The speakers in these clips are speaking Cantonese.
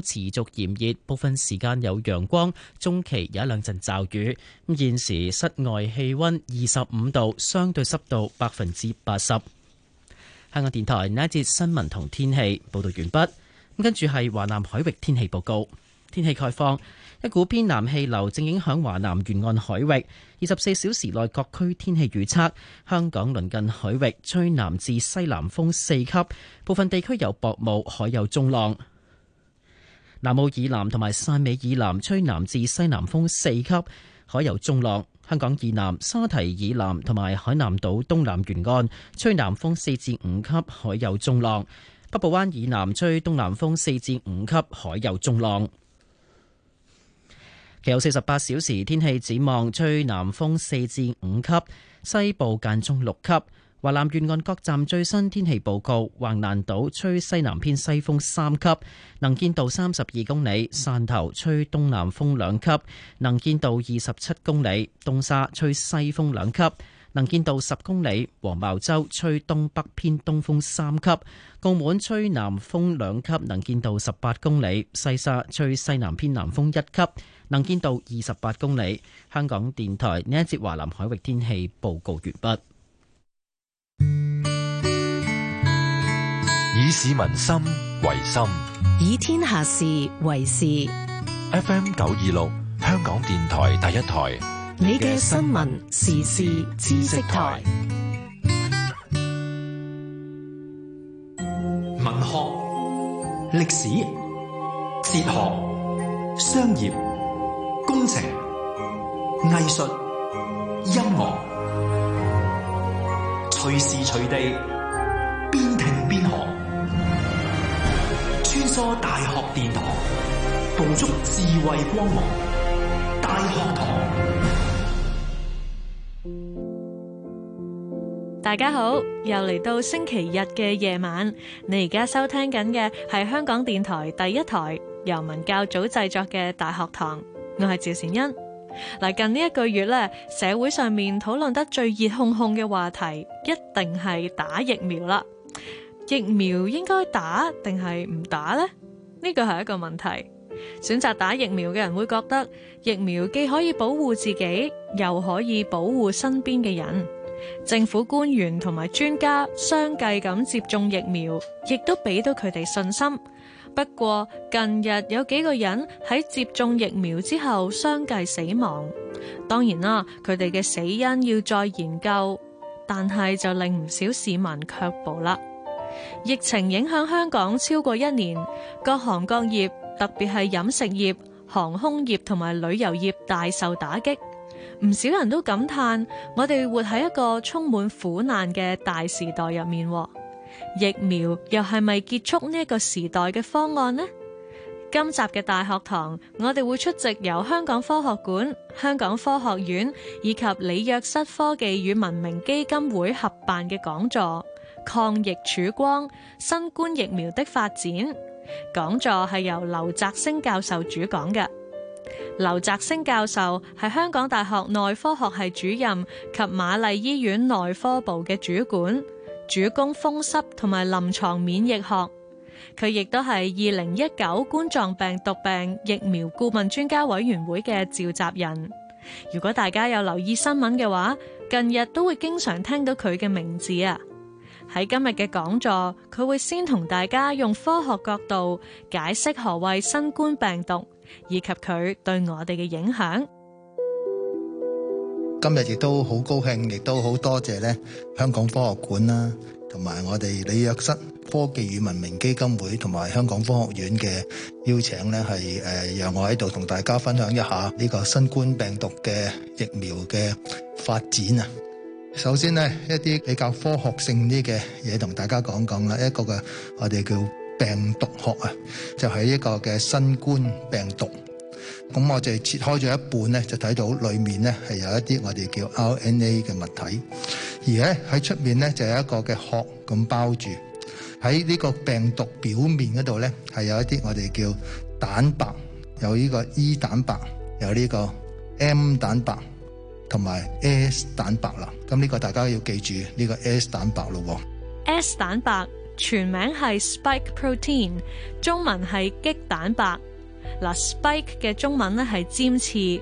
持續炎熱，部分時間有陽光，中期有一兩陣驟雨。咁現時室外氣溫二十五度，相對濕度百分之八十。香港電台呢一節新聞同天氣報道完畢。跟住係華南海域天氣報告。天氣概況：一股偏南氣流正影響華南沿岸海域。二十四小時內各區天氣預測：香港鄰近海域吹南至西南風四級，部分地區有薄霧，海有中浪。南澳以南同埋汕尾以南吹南至西南風四級，海有中浪，香港以南沙堤以南同埋海南島東南沿岸吹南風四至五級，海有中浪，北部灣以南吹東南風四至五級，海有中浪，其後四十八小時天氣展望吹南風四至五級，西部間中六級。華南沿岸各站最新天氣報告：橫瀾島吹西南偏西風三級，能見度三十二公里；汕頭吹東南風兩級，能見度二十七公里；東沙吹西風兩級，能見度十公里；黃茅洲吹東北偏東風三級，澳門吹南風兩級，能見度十八公里；西沙吹西南偏南風一級，能見度二十八公里。香港電台呢一節華南海域天氣報告完畢。以市民心為心，以天下事為事。F M 九二六，香港電台第一台，你嘅新聞、時事、知識台，文學、歷史、哲學、商業、工程、藝術、音樂，隨時隨地邊聽。多大學殿堂，捕捉智慧光芒。大學堂，大家好，又嚟到星期日嘅夜晚。你而家收聽緊嘅係香港電台第一台由文教組製作嘅大學堂。我係趙善恩。嗱，近呢一個月咧，社會上面討論得最熱烘烘嘅話題，一定係打疫苗啦。疫苗應該打定係唔打呢？呢個係一個問題。選擇打疫苗嘅人會覺得疫苗既可以保護自己，又可以保護身邊嘅人。政府官員同埋專家相繼咁接種疫苗，亦都俾到佢哋信心。不過近日有幾個人喺接種疫苗之後相繼死亡，當然啦，佢哋嘅死因要再研究，但係就令唔少市民卻步啦。疫情影響香港超過一年，各行各業，特別係飲食業、航空業同埋旅遊業大受打擊，唔少人都感嘆我哋活喺一個充滿苦難嘅大時代入面。疫苗又係咪結束呢一個時代嘅方案呢？今集嘅大學堂，我哋會出席由香港科學館、香港科學院以及李約瑟科技與文明基金會合辦嘅講座。抗疫曙光、新冠疫苗的發展講座係由劉澤星教授主講嘅。劉澤星教授係香港大學內科學系主任及瑪麗醫院內科部嘅主管，主攻風濕同埋臨牀免疫學。佢亦都係二零一九冠狀病毒病疫苗顧問專家委員會嘅召集人。如果大家有留意新聞嘅話，近日都會經常聽到佢嘅名字啊！喺今日嘅講座，佢會先同大家用科學角度解釋何謂新冠病毒，以及佢對我哋嘅影響。今日亦都好高興，亦都好多謝咧香港科學館啦，同埋我哋李約瑟科技與文明基金會同埋香港科學院嘅邀請咧，係誒讓我喺度同大家分享一下呢個新冠病毒嘅疫苗嘅發展啊！首先咧，一啲比較科學性啲嘅嘢同大家講講啦。一個嘅我哋叫病毒學啊，就係一個嘅新冠病毒。咁我哋切開咗一半咧，就睇到裏面咧係有一啲我哋叫 RNA 嘅物體，而咧喺出面咧就有一個嘅殼咁包住。喺呢個病毒表面嗰度咧係有一啲我哋叫蛋白，有呢個 E 蛋白，有呢個 M 蛋白。同埋 S 蛋白啦，咁呢個大家要記住呢個 S 蛋白咯。S 蛋白全名係 Spike Protein，中文係激蛋白嗱。Spike 嘅中文呢係尖刺。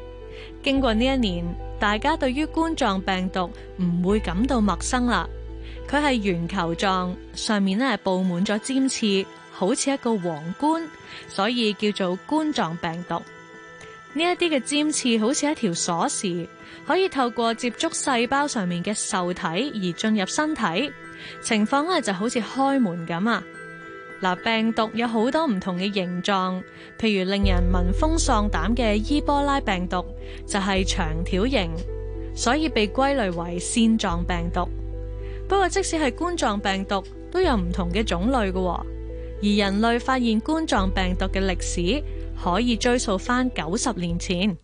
經過呢一年，大家對於冠狀病毒唔會感到陌生啦。佢係圓球狀，上面呢係布滿咗尖刺，好似一個皇冠，所以叫做冠狀病毒。呢一啲嘅尖刺好似一條鎖匙。可以透過接觸細胞上面嘅受體而進入身體，情況咧就好似開門咁啊！嗱，病毒有好多唔同嘅形狀，譬如令人聞風喪膽嘅伊波拉病毒就係長條形，所以被歸類為線狀病毒。不過即使係冠狀病毒，都有唔同嘅種類嘅，而人類發現冠狀病毒嘅歷史可以追溯翻九十年前。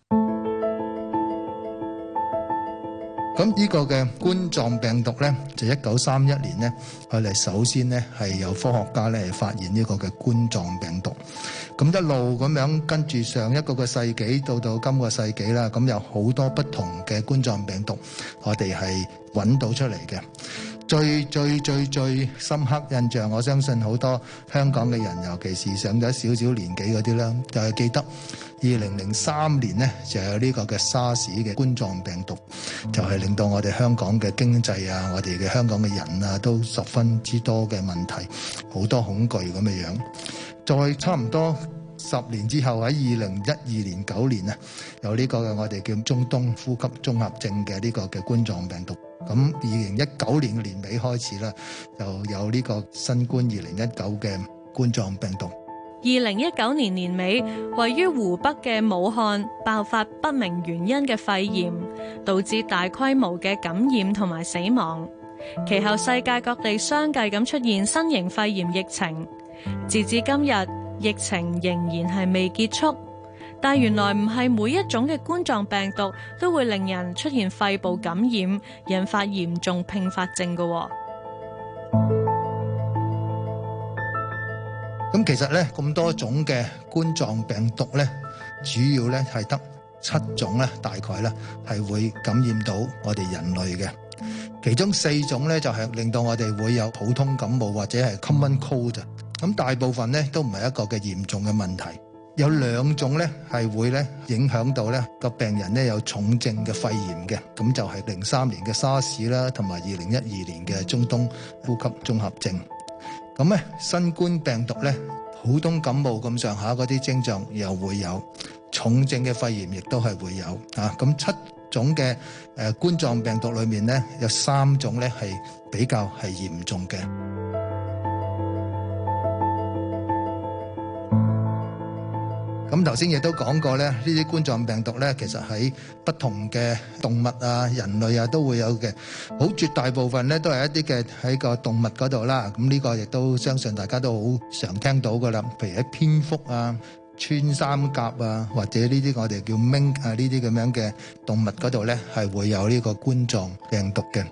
呢個嘅冠狀病毒咧，就一九三一年咧，我哋首先咧係由科學家咧係發現呢個嘅冠狀病毒。咁一路咁樣跟住上一個個世紀到到今個世紀啦，咁有好多不同嘅冠狀病毒，我哋係揾到出嚟嘅。最最最最深刻印象，我相信好多香港嘅人，尤其是上咗少少年紀嗰啲啦，就係記得。二零零三年咧，就有呢個嘅 SARS 嘅冠狀病毒，嗯、就係令到我哋香港嘅經濟啊，我哋嘅香港嘅人啊，都十分之多嘅問題，好多恐懼咁嘅樣。再差唔多十年之後喺二零一二年九年啊，有呢個嘅我哋叫中東呼吸綜合症嘅呢個嘅冠狀病毒。咁二零一九年嘅年尾開始啦，就有呢個新冠二零一九嘅冠狀病毒。二零一九年年尾，位於湖北嘅武漢爆發不明原因嘅肺炎，導致大規模嘅感染同埋死亡。其後世界各地相繼咁出現新型肺炎疫情，截至今日，疫情仍然係未結束。但原來唔係每一種嘅冠狀病毒都會令人出現肺部感染，引發嚴重併發症嘅。咁其實咧，咁多種嘅冠狀病毒咧，主要咧係得七種咧，大概咧係會感染到我哋人類嘅。其中四種咧就係、是、令到我哋會有普通感冒或者係 common cold 啫。咁大部分咧都唔係一個嘅嚴重嘅問題。有兩種咧係會咧影響到咧個病人咧有重症嘅肺炎嘅。咁就係零三年嘅 SARS 啦，同埋二零一二年嘅中東呼吸綜合症。咁咧，新冠病毒咧，普通感冒咁上下嗰啲症狀又會有，重症嘅肺炎亦都係會有吓。咁七種嘅誒冠狀病毒裏面咧，有三種咧係比較係嚴重嘅。咁頭先亦都講過咧，呢啲冠狀病毒咧，其實喺不同嘅動物啊、人類啊都會有嘅。好絕大部分咧都係一啲嘅喺個動物嗰度啦。咁、這、呢個亦都相信大家都好常聽到㗎啦。譬如喺蝙蝠啊、穿山甲啊，或者呢啲我哋叫 mink 啊呢啲咁樣嘅動物嗰度咧，係會有呢個冠狀病毒嘅。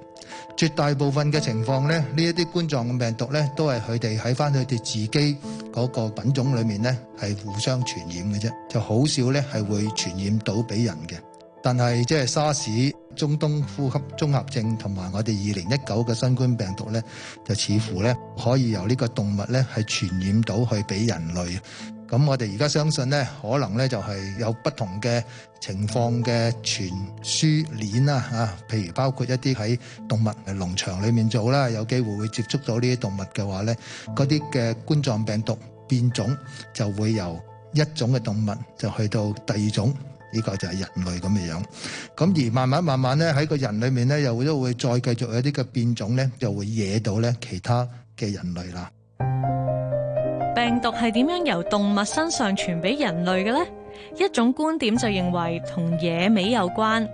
絕大部分嘅情況咧，呢一啲冠狀嘅病毒咧，都係佢哋喺翻佢哋自己嗰個品種裏面咧，係互相傳染嘅啫，就好少咧係會傳染到俾人嘅。但係即係沙士、中東呼吸綜合症同埋我哋二零一九嘅新冠病毒咧，就似乎咧可以由呢個動物咧係傳染到去俾人類。咁我哋而家相信呢，可能呢就係有不同嘅情況嘅傳輸鏈啦。啊，譬如包括一啲喺動物農場裏面做啦，有機會會接觸到呢啲動物嘅話，呢嗰啲嘅冠狀病毒變種就會由一種嘅動物就去到第二種，呢個就係人類咁嘅樣。咁而慢慢慢慢呢，喺個人裏面呢，又會都會再繼續有啲嘅變種呢，就會惹到呢其他嘅人類啦。病毒係點樣由動物身上傳俾人類嘅呢？一種觀點就認為同野味有關。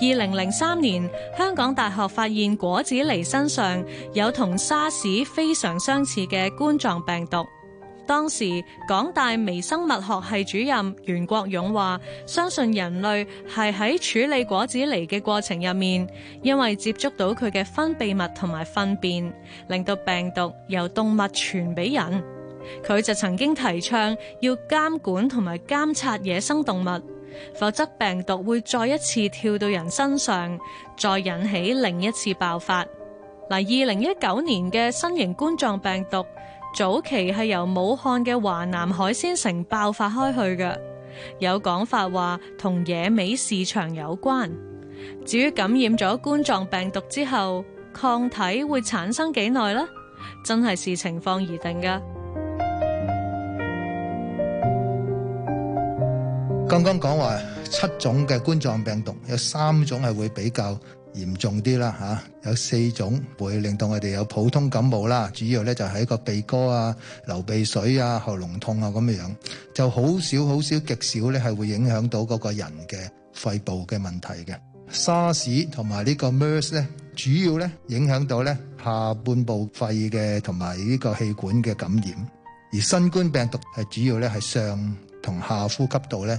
二零零三年，香港大學發現果子狸身上有同沙士非常相似嘅冠狀病毒。當時港大微生物學系主任袁國勇話，相信人類係喺處理果子狸嘅過程入面，因為接觸到佢嘅分泌物同埋糞便，令到病毒由動物傳俾人。佢就曾經提倡要監管同埋監察野生動物，否則病毒會再一次跳到人身上，再引起另一次爆發。嗱，二零一九年嘅新型冠狀病毒早期係由武漢嘅華南海鮮城爆發開去嘅，有講法話同野味市場有關。至於感染咗冠狀病毒之後，抗體會產生幾耐呢？真係視情況而定噶。剛剛講話七種嘅冠狀病毒，有三種係會比較嚴重啲啦吓，有四種會令到我哋有普通感冒啦，主要咧就係一個鼻哥啊、流鼻水啊、喉嚨痛啊咁樣，就好少好少極少咧係會影響到嗰個人嘅肺部嘅問題嘅。SARS 同埋呢個 MERS 咧，主要咧影響到咧下半部肺嘅同埋呢個氣管嘅感染，而新冠病毒係主要咧係上同下呼吸道咧。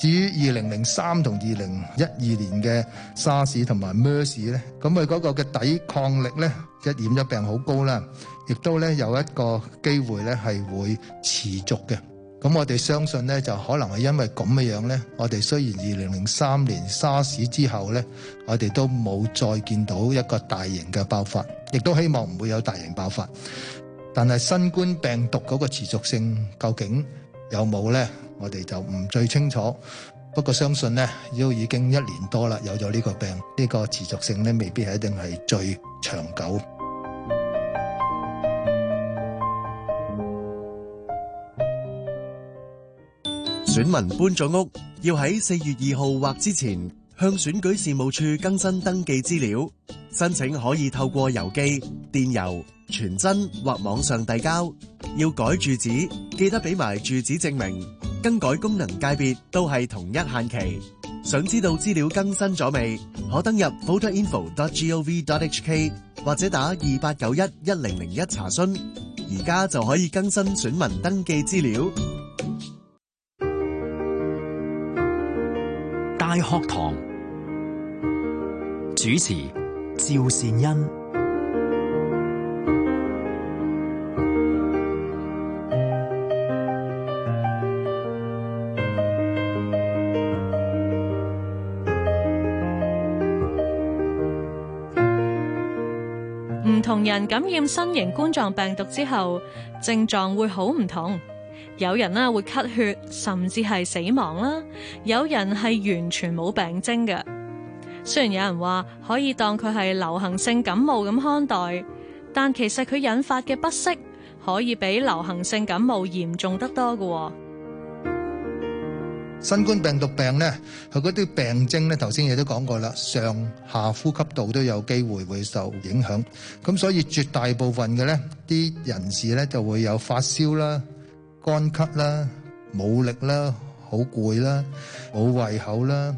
至於二零零三同二零一二年嘅沙士同埋 MERS 咧，咁佢嗰個嘅抵抗力咧，一染咗病好高啦，亦都咧有一個機會咧係會持續嘅。咁我哋相信咧，就可能係因為咁嘅樣咧，我哋雖然二零零三年沙士之後咧，我哋都冇再見到一個大型嘅爆發，亦都希望唔會有大型爆發。但係新冠病毒嗰個持續性究竟，有冇呢？我哋就唔最清楚。不過相信呢，都已經一年多啦，有咗呢個病，呢個持續性呢未必係一定係最長久。選民搬咗屋，要喺四月二號或之前向選舉事務處更新登記資料，申請可以透過郵寄、電郵。傳真或網上遞交，要改住址記得俾埋住址證明。更改功能界別都係同一限期。想知道資料更新咗未？可登入 photoinfo.gov.hk 或者打二八九一一零零一查詢。而家就可以更新選民登記資料。大學堂主持趙善恩。人感染新型冠狀病毒之後，症狀會好唔同，有人呢會咳血，甚至係死亡啦；有人係完全冇病徵嘅。雖然有人話可以當佢係流行性感冒咁看待，但其實佢引發嘅不適可以比流行性感冒嚴重得多嘅。新冠病毒病咧，佢嗰啲病徵咧，頭先亦都講過啦，上下呼吸道都有機會會受影響。咁所以絕大部分嘅咧，啲人士咧就會有發燒啦、乾咳啦、冇力啦、好攰啦、冇胃口啦，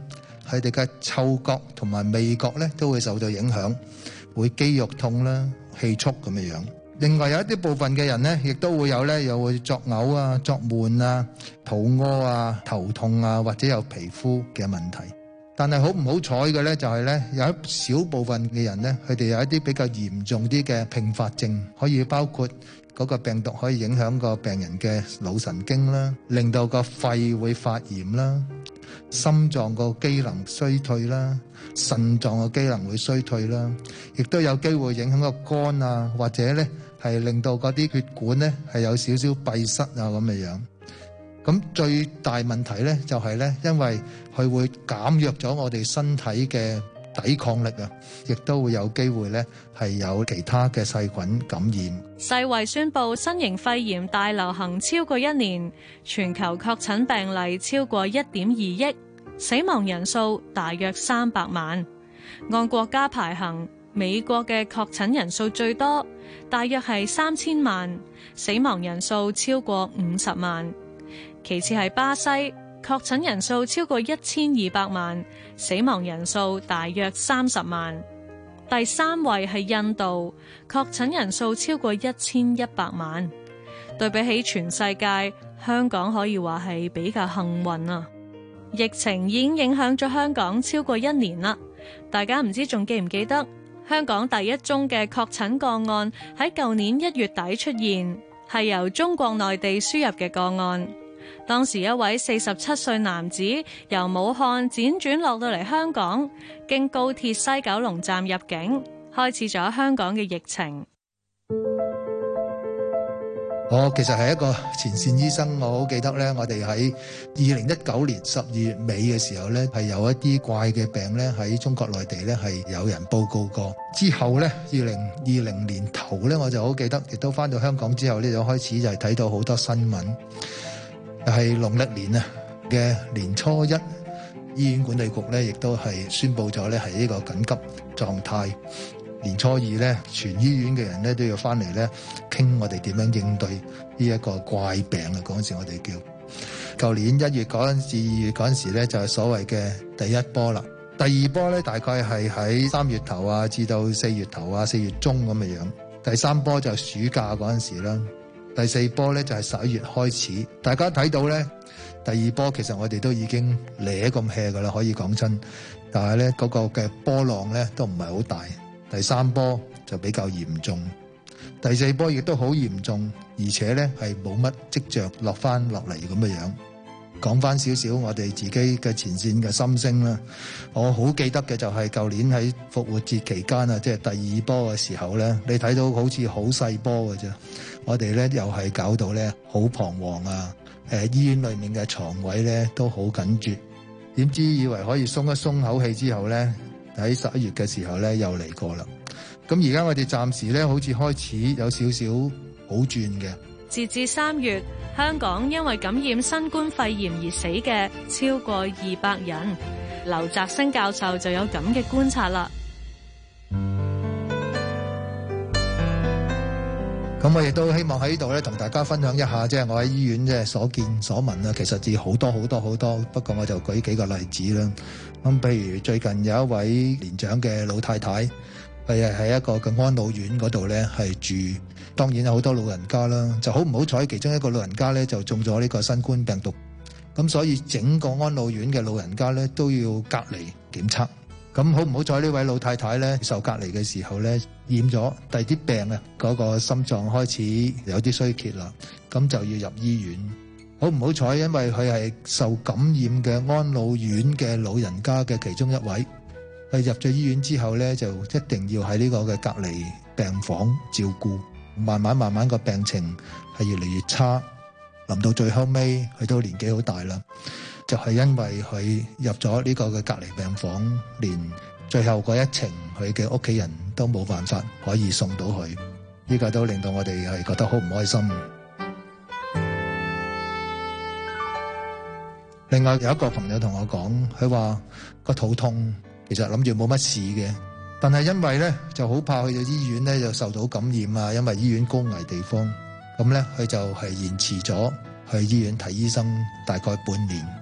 佢哋嘅嗅覺同埋味覺咧都會受到影響，會肌肉痛啦、氣促咁嘅樣。另外有一啲部分嘅人咧，亦都會有咧，又會作嘔啊、作悶啊、肚屙啊、頭痛啊，或者有皮膚嘅問題。但係好唔好彩嘅咧，就係咧有一小部分嘅人咧，佢哋有一啲比較嚴重啲嘅併發症，可以包括嗰個病毒可以影響個病人嘅腦神經啦，令到個肺會發炎啦，心臟個機能衰退啦，腎臟個機能會衰退啦，亦都有機會影響個肝啊，或者咧。係令到嗰啲血管呢係有少少閉塞啊，咁嘅樣。咁最大問題呢，就係呢，因為佢會減弱咗我哋身體嘅抵抗力啊，亦都會有機會呢係有其他嘅細菌感染。世衛宣布，新型肺炎大流行超過一年，全球確診病例超過一點二億，死亡人數大約三百萬。按國家排行，美國嘅確診人數最多。大約係三千萬，死亡人數超過五十萬。其次係巴西，確診人數超過一千二百萬，死亡人數大約三十萬。第三位係印度，確診人數超過一千一百萬。對比起全世界，香港可以話係比較幸運啊。疫情已經影響咗香港超過一年啦，大家唔知仲記唔記得？香港第一宗嘅確診個案喺舊年一月底出現，係由中國內地輸入嘅個案。當時一位四十七歲男子由武漢輾轉落到嚟香港，經高鐵西九龍站入境，開始咗香港嘅疫情。我其實係一個前線醫生，我好記得呢，我哋喺二零一九年十二月尾嘅時候呢，係有一啲怪嘅病呢喺中國內地呢係有人報告過。之後呢，二零二零年頭呢，我就好記得，亦都返到香港之後呢，就開始就係睇到好多新聞。又係農曆年啊嘅年初一，醫院管理局呢亦都係宣布咗呢係呢個緊急狀態。年初二咧，全醫院嘅人咧都要翻嚟咧傾，我哋點樣應對呢一個怪病啊！嗰陣時我哋叫舊年一月嗰陣至二月嗰陣時咧，就係所謂嘅第一波啦。第二波咧，大概係喺三月頭啊，至到四月頭啊、四月中咁嘅樣。第三波就係暑假嗰陣時啦。第四波咧就係十一月開始。大家睇到咧，第二波其實我哋都已經咧咁 hea 㗎噶啦，可以講真。但係咧嗰個嘅波浪咧都唔係好大。第三波就比較嚴重，第四波亦都好嚴重，而且咧係冇乜跡象落翻落嚟咁嘅樣。講翻少少我哋自己嘅前線嘅心聲啦，我好記得嘅就係舊年喺復活節期間啊，即係第二波嘅時候咧，你睇到好似好細波㗎啫，我哋咧又係搞到咧好彷徨啊！誒醫院裏面嘅床位咧都好緊絕，點知以為可以鬆一鬆口氣之後咧，喺十一月嘅時候咧，又嚟過啦。咁而家我哋暫時咧，好似開始有少少好轉嘅。截至三月，香港因為感染新冠肺炎而死嘅超過二百人。劉澤星教授就有咁嘅觀察啦。咁我亦都希望喺呢度咧，同大家分享一下，即係我喺醫院即係所見所聞啊，其實至好多好多好多，不過我就舉幾個例子啦。咁譬如最近有一位年長嘅老太太，佢又喺一個嘅安老院嗰度咧，係住。當然有好多老人家啦，就好唔好彩，其中一個老人家咧就中咗呢個新冠病毒，咁所以整個安老院嘅老人家咧都要隔離檢測。咁好唔好彩呢位老太太呢，受隔離嘅時候呢，染咗第二啲病啊，嗰個心臟開始有啲衰竭啦，咁就要入醫院。好唔好彩，因為佢係受感染嘅安老院嘅老人家嘅其中一位。佢入咗醫院之後呢，就一定要喺呢個嘅隔離病房照顧。慢慢慢慢個病情係越嚟越差，臨到最後尾佢都年紀好大啦。就係因為佢入咗呢個嘅隔離病房，連最後嗰一程，佢嘅屋企人都冇辦法可以送到佢，呢個都令到我哋係覺得好唔開心。另外有一個朋友同我講，佢話個肚痛，其實諗住冇乜事嘅，但係因為呢就好怕去到醫院呢就受到感染啊，因為醫院高危地方，咁呢，佢就係延遲咗去醫院睇醫生，大概半年。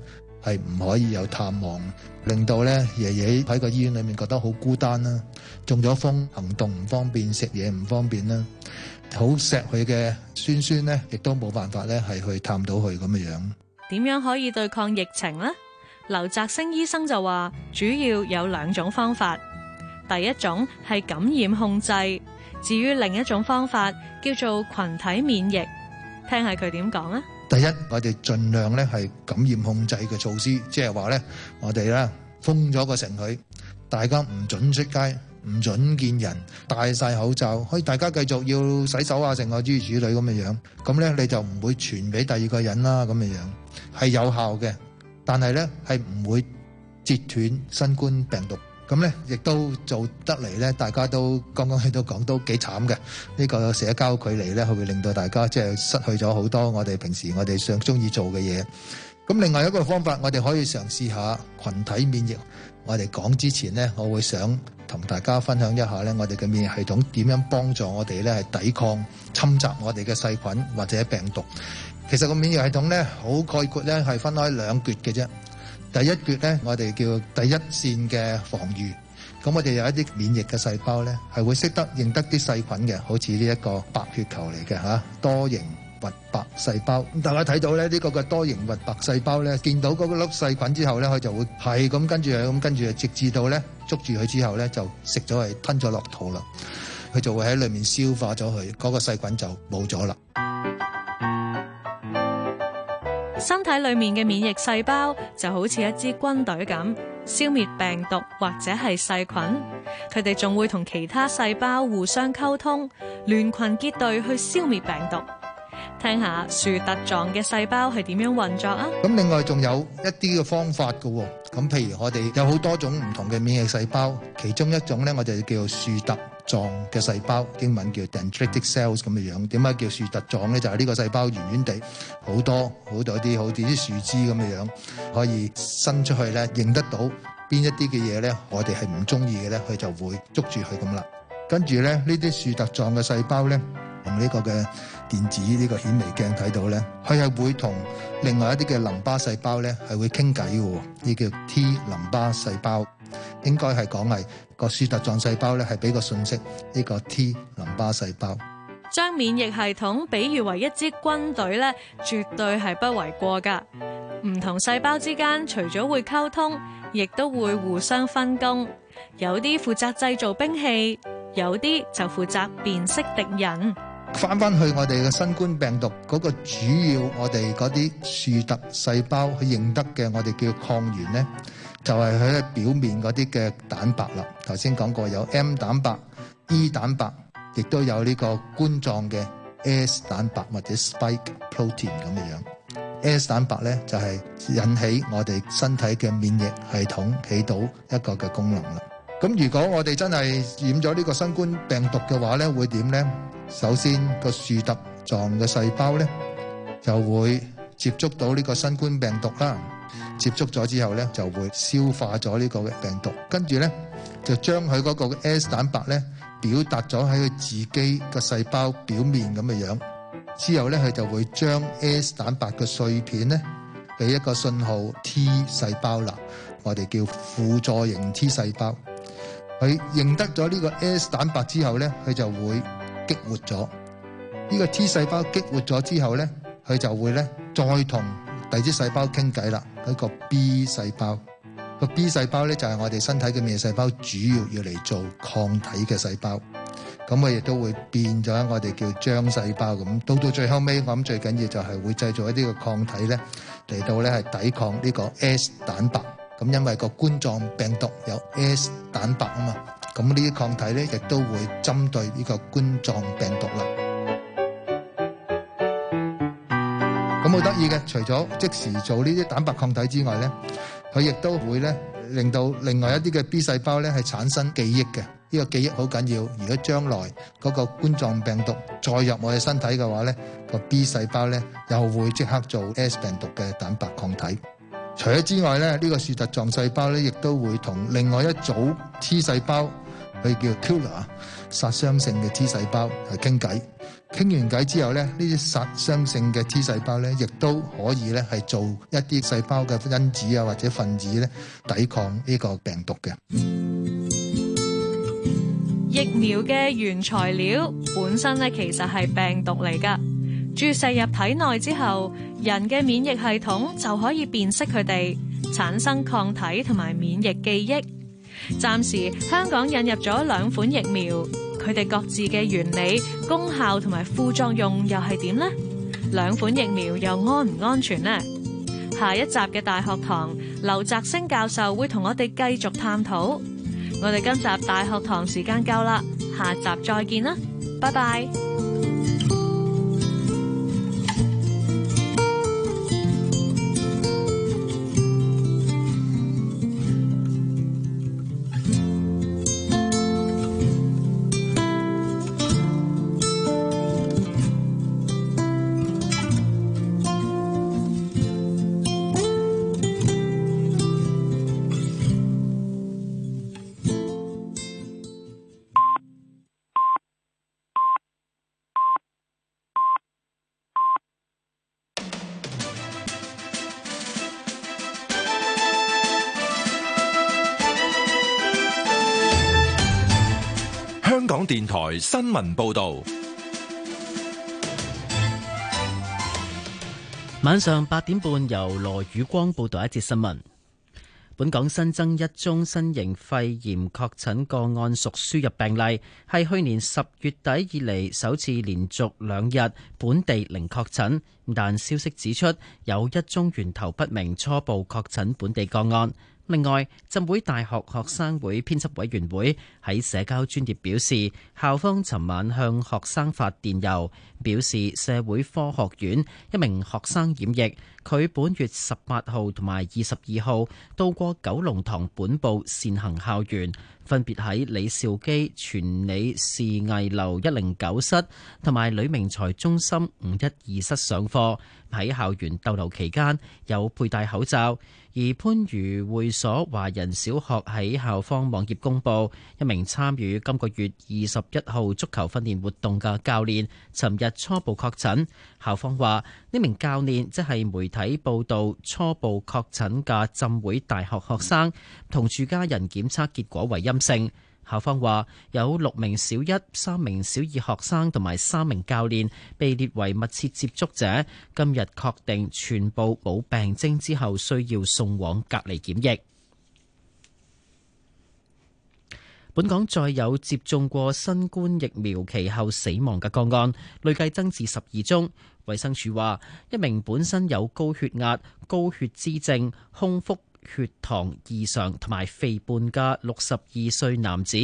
係唔可以有探望，令到咧爺爺喺個醫院裏面覺得好孤單啦。中咗風，行動唔方便，食嘢唔方便啦。好錫佢嘅孫孫咧，亦都冇辦法咧係去探到佢咁樣樣。點樣可以對抗疫情呢？劉澤星醫生就話主要有兩種方法，第一種係感染控制。至於另一種方法叫做群體免疫，聽下佢點講吖。第一，我哋儘量咧係感染控制嘅措施，即係話咧，我哋咧封咗個城佢，大家唔准出街，唔准見人，戴曬口罩，可以大家繼續要洗手啊，成個諸如此類咁嘅樣，咁咧你就唔會傳俾第二個人啦，咁嘅樣係有效嘅，但係咧係唔會截斷新冠病毒。咁咧，亦都做得嚟咧。大家都剛剛喺度講，都幾慘嘅。呢個社交距離咧，佢會令到大家即係失去咗好多我哋平時我哋上中意做嘅嘢。咁另外一個方法，我哋可以嘗試下群體免疫。我哋講之前咧，我會想同大家分享一下咧，我哋嘅免疫系統點樣幫助我哋咧係抵抗侵襲我哋嘅細菌或者病毒。其實個免疫系統咧，好概括咧係分開兩橛嘅啫。第一橛咧，我哋叫第一線嘅防禦。咁我哋有一啲免疫嘅細胞咧，係會識得認得啲細菌嘅，好似呢一個白血球嚟嘅嚇，多形核白細胞。大家睇到咧，呢個個多形核白細胞咧，見到嗰粒細菌之後咧，佢就會係咁跟住係咁跟住，直至到咧捉住佢之後咧，就食咗係吞咗落肚啦，佢就會喺裏面消化咗佢，嗰個細菌就冇咗啦。身體裏面嘅免疫細胞就好似一支軍隊咁，消滅病毒或者係細菌。佢哋仲會同其他細胞互相溝通，聯群結隊去消滅病毒。聽下樹突狀嘅細胞係點樣運作啊？咁另外仲有一啲嘅方法噶，咁譬如我哋有好多種唔同嘅免疫細胞，其中一種咧我就叫做樹突。狀嘅細胞，英文叫 dendritic cells 咁嘅樣，點解叫樹突狀咧？就係、是、呢個細胞圓圓地，好多好多啲，好似啲樹枝咁嘅樣，可以伸出去咧，認得到邊一啲嘅嘢咧，我哋係唔中意嘅咧，佢就會捉住佢咁啦。跟住咧，呢啲樹突狀嘅細胞咧，用呢個嘅電子呢個顯微鏡睇到咧，佢係會同另外一啲嘅淋巴細胞咧，係會傾偈喎，呢叫 T 淋巴細胞。應該係講係個樹突狀細胞咧，係俾個訊息呢個 T 淋巴細胞。將免疫系統比喻為一支軍隊咧，絕對係不為過噶。唔同細胞之間除咗會溝通，亦都會互相分工。有啲負責製造兵器，有啲就負責辨識敵人。翻翻去我哋嘅新冠病毒嗰個主要，我哋嗰啲樹突細胞去認得嘅，我哋叫抗原咧。就係佢嘅表面嗰啲嘅蛋白啦，頭先講過有 M 蛋白、E 蛋白，亦都有呢個冠狀嘅 S 蛋白或者 spike protein 咁嘅樣。S 蛋白咧就係引起我哋身體嘅免疫系統起到一個嘅功能啦。咁如果我哋真係染咗呢個新冠病毒嘅話咧，會點咧？首先個樹突狀嘅細胞咧就會。接觸到呢個新冠病毒啦，接觸咗之後呢，就會消化咗呢個病毒，跟住呢，就將佢嗰個 S 蛋白呢，表達咗喺佢自己個細胞表面咁嘅樣。之後呢，佢就會將 S 蛋白嘅碎片呢，俾一個信號 T 細胞啦，我哋叫輔助型 T 細胞。佢認得咗呢個 S 蛋白之後呢，佢就會激活咗呢個 T 細胞。激活咗之後呢，佢就會呢。再同第二啲細胞傾偈啦，一個 B 細胞，個 B 細胞咧就係我哋身體嘅免疫細胞，主要要嚟做抗體嘅細胞，咁我亦都會變咗我哋叫漿細胞咁。到到最後尾，我諗最緊要就係會製造一啲嘅抗體咧，嚟到咧係抵抗呢個 S 蛋白，咁因為個冠狀病毒有 S 蛋白啊嘛，咁呢啲抗體咧亦都會針對呢個冠狀病毒啦。咁好得意嘅，除咗即時做呢啲蛋白抗體之外咧，佢亦都會咧令到另外一啲嘅 B 細胞咧係產生記憶嘅。呢個記憶好緊要，如果將來嗰個冠狀病毒再入我哋身體嘅話咧，個 B 細胞咧又會即刻做 S 病毒嘅蛋白抗體。除咗之外咧，呢個樹突狀細胞咧亦都會同另外一組 T 細胞，佢叫 killer 啊，殺傷性嘅 T 細胞係傾偈。傾完偈之後咧，呢啲殺傷性嘅 T 細胞咧，亦都可以咧係做一啲細胞嘅因子啊或者分子咧抵抗呢個病毒嘅疫苗嘅原材料本身咧，其實係病毒嚟㗎，注射入體內之後，人嘅免疫系統就可以辨識佢哋，產生抗體同埋免疫記憶。暫時香港引入咗兩款疫苗，佢哋各自嘅原理、功效同埋副作用又係點呢？兩款疫苗又安唔安全呢？下一集嘅大學堂，劉澤星教授會同我哋繼續探討。我哋今集大學堂時間夠啦，下集再見啦，拜拜。新聞報道。晚上八點半，由羅宇光報道一節新聞。本港新增一宗新型肺炎確診個案，屬輸入病例，係去年十月底以嚟，首次連續兩日本地零確診。但消息指出，有一宗源頭不明、初步確診本地個案。另外，浸會大學學生會編輯委員會喺社交專頁表示，校方尋晚向學生發電郵，表示社會科學院一名學生染疫，佢本月十八號同埋二十二號到過九龍塘本部善行校園，分別喺李兆基全理示藝樓一零九室同埋呂明才中心五一二室上課，喺校園逗留期間有佩戴口罩。而番禺會所華人小學喺校方網頁公佈，一名參與今個月二十一號足球訓練活動嘅教練尋日初步確診，校方話呢名教練即係媒體報道初步確診嘅浸會大學學生，同住家人檢測結果為陰性。校方話有六名小一、三名小二學生同埋三名教練被列為密切接觸者，今日確定全部冇病徵之後，需要送往隔離檢疫。本港再有接種過新冠疫苗其後死亡嘅個案，累計增至十二宗。衛生署話，一名本身有高血壓、高血脂症、空腹。血糖異常同埋肥胖嘅六十二歲男子，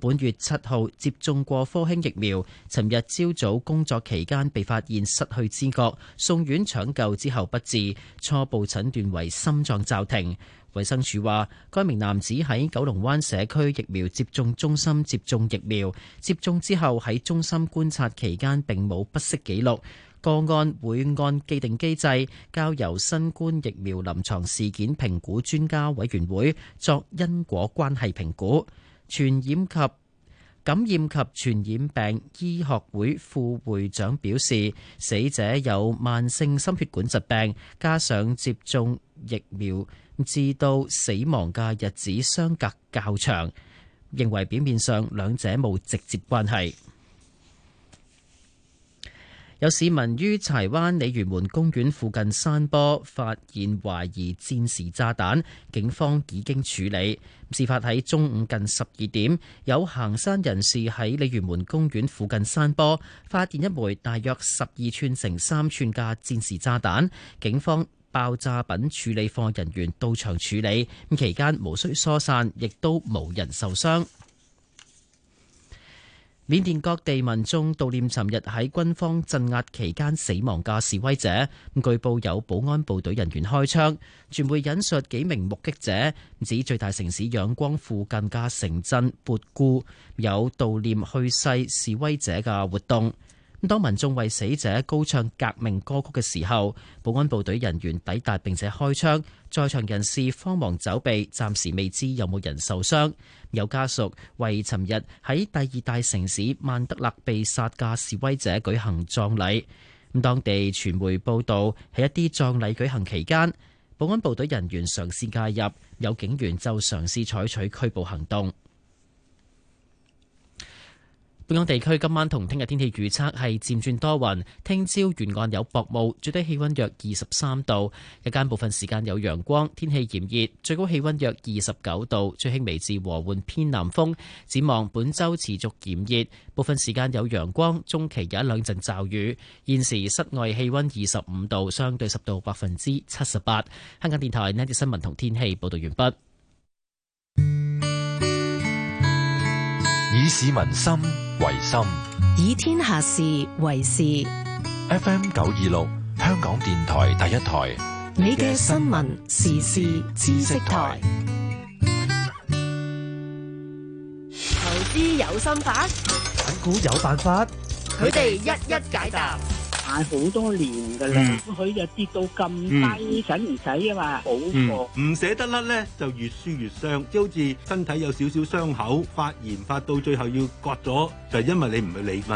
本月七號接種過科興疫苗。尋日朝早工作期間被發現失去知覺，送院搶救之後不治，初步診斷為心臟驟停。衛生署話，該名男子喺九龍灣社區疫苗接種中心接種疫苗，接種之後喺中心觀察期間並冇不適記錄。個案會按既定機制交由新冠疫苗臨床事件評估專家委員會作因果關係評估。傳染及感染及傳染病醫學會副會長表示，死者有慢性心血管疾病，加上接種疫苗至到死亡嘅日子相隔較長，認為表面上兩者冇直接關係。有市民於柴灣鯉魚門公園附近山坡發現懷疑戰時炸彈，警方已經處理。事發喺中午近十二點，有行山人士喺鯉魚門公園附近山坡發現一枚大約十二寸乘三寸嘅戰時炸彈，警方爆炸品處理課人員到場處理，期間無需疏散，亦都無人受傷。緬甸各地民眾悼念尋日喺軍方鎮壓期間死亡嘅示威者，據報有保安部隊人員開槍，傳媒引述幾名目擊者指最大城市仰光附近嘅城鎮勃固有悼念去世示威者嘅活動。當民眾為死者高唱革命歌曲嘅時候，保安部隊人員抵達並且開槍，在場人士慌忙走避，暫時未知有冇人受傷。有家屬為尋日喺第二大城市曼德勒被殺嘅示威者舉行葬禮。咁當地傳媒報道，喺一啲葬禮舉行期間，保安部隊人員嘗試介入，有警員就嘗試採取拘捕行動。本港地區今晚同聽日天氣預測係漸轉多雲，聽朝沿岸有薄霧，最低氣温約二十三度，日間部分時間有陽光，天氣炎熱，最高氣温約二十九度，吹輕微至和緩偏南風。展望本周持續炎熱，部分時間有陽光，中期有一兩陣驟雨。現時室外氣温二十五度，相對濕度百分之七十八。香港電台呢次新聞同天氣報道完畢。以市民心。為心以天下事為事。FM 九二六，香港電台第一台。你嘅新聞時事知識台。投資有心法，選股有辦法，佢哋一一解答。買好多年噶啦，佢就、嗯、跌到咁低，使唔使啊？想想嘛，好過唔捨得甩咧，就越輸越傷，就好似身體有少少傷口發炎，發到最後要割咗，就係、因為你唔去理佢。嗯嗯